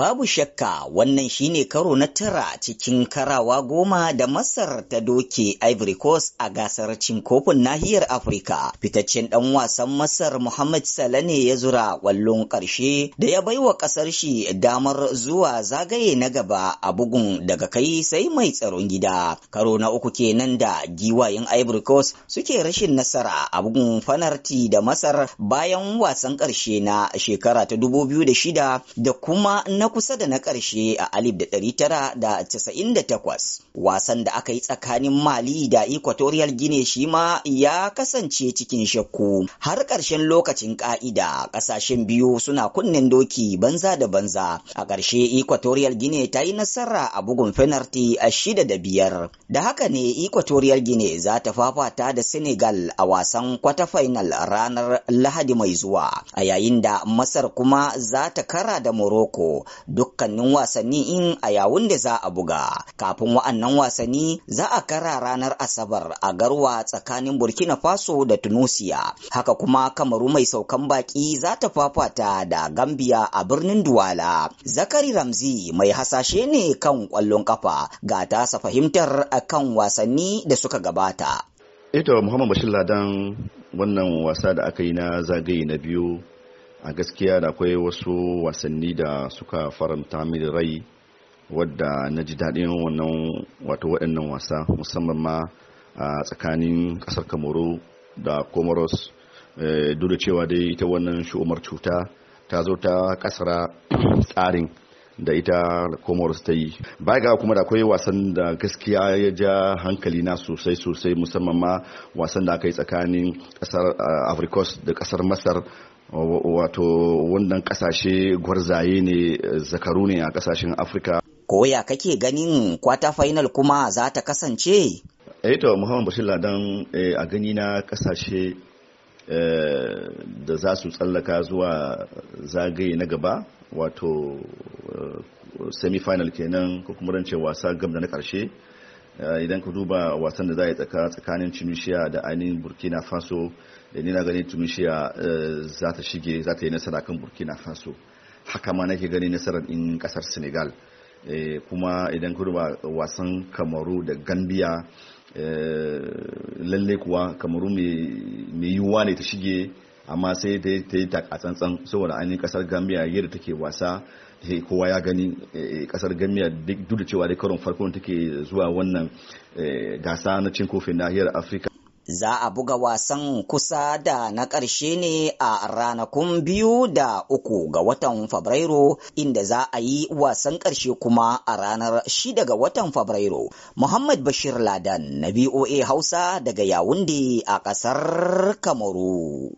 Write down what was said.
Babu shakka wannan shine karo na tara cikin karawa goma da Masar ta doke Ivory Coast a gasar cin kofin nahiyar Afirka. Fitaccen ɗan wasan Masar Muhammad Salane ne ya zura ƙwallon ƙarshe da ya baiwa ƙasar shi damar zuwa zagaye na gaba a bugun daga kai sai mai tsaron gida. Karo na uku kenan da giwayen Ivory Coast suke rashin nasara a bugun fanarti da Masar bayan wasan ƙarshe na shekara ta 2006 da kuma na kusa da na ƙarshe a 1998 wasan da aka yi tsakanin mali da equatorial guinea shi ma ya kasance cikin shakku har ƙarshen lokacin ƙa'ida ƙasashen biyu suna kunnen doki banza da banza a ƙarshe equatorial guinea ta yi nasara a bugun fenalti a shida da biyar da haka ne equatorial guinea za ta fafata da senegal a wasan kwata final ranar lahadi mai zuwa a yayin da masar kuma za ta kara da morocco dukkanin wasanni in a yawun da za a buga kafin wa'annan wasanni za a kara ranar asabar a garwa tsakanin burkina faso da tunisia haka kuma kamaru mai saukan baki za ta fafata da gambia a birnin duwala zakari ramzi mai hasashe ne kan kwallon kafa ga tasa fahimtar kan wasanni da suka gabata ita muhammad bashir ladan wannan wasa da aka yi na zagaye na biyu a gaskiya da akwai wasu wasanni da suka faranta mini rai wadda na ji daɗin wannan wato waɗannan wasa musamman ma a tsakanin ƙasar kamaru da comoros eh, duk da cewa dai ita wannan shi'umar cuta ta zo ta ƙasara tsarin da ita comoros ta yi baya ga kuma da akwai wasan da gaskiya ya ja hankali na sosai sosai musamman ma wasan da aka yi tsakanin ƙasar africos da ƙasar masar wato wannan kasashe gwarzaye ne zakaru ne a kasashen afirka koya kake ganin kwata final kuma za ta kasance eh to muhammad bashir ladan eh, a gani na kasashe eh, da za su tsallaka zuwa zagaye na gaba wato eh, semi final kenan ko kuma rance wasa gam da na karshe Eh, idan ka duba wasan da za a yi tsakanin tunisia da ainihin burkina faso da ni ganin tunisia eh, za ta shige za ta yi nasara kan burkina faso haka ma nake ganin nasarar in kasar senegal eh, kuma idan ka duba wasan kamaru da gambia lalle kuwa kamaru mai yiwuwa ne ta shige amma sai ta yi tsantsan saboda ainihin kasar gambia yadda take wasa Eh, kowa ya gani eh, kasar gamiya duk da cewa dai karon farko take zuwa wannan eh, gasa na cin kofin nahiyar afirka za a buga wasan kusa da na ƙarshe ne a ranakun biyu da uku ga watan Fabrairu inda za a yi wasan ƙarshe kuma a ranar shida ga watan Fabrairu. Muhammad Bashir Ladan na BOA Hausa daga Yawunde a ƙasar Kamaru.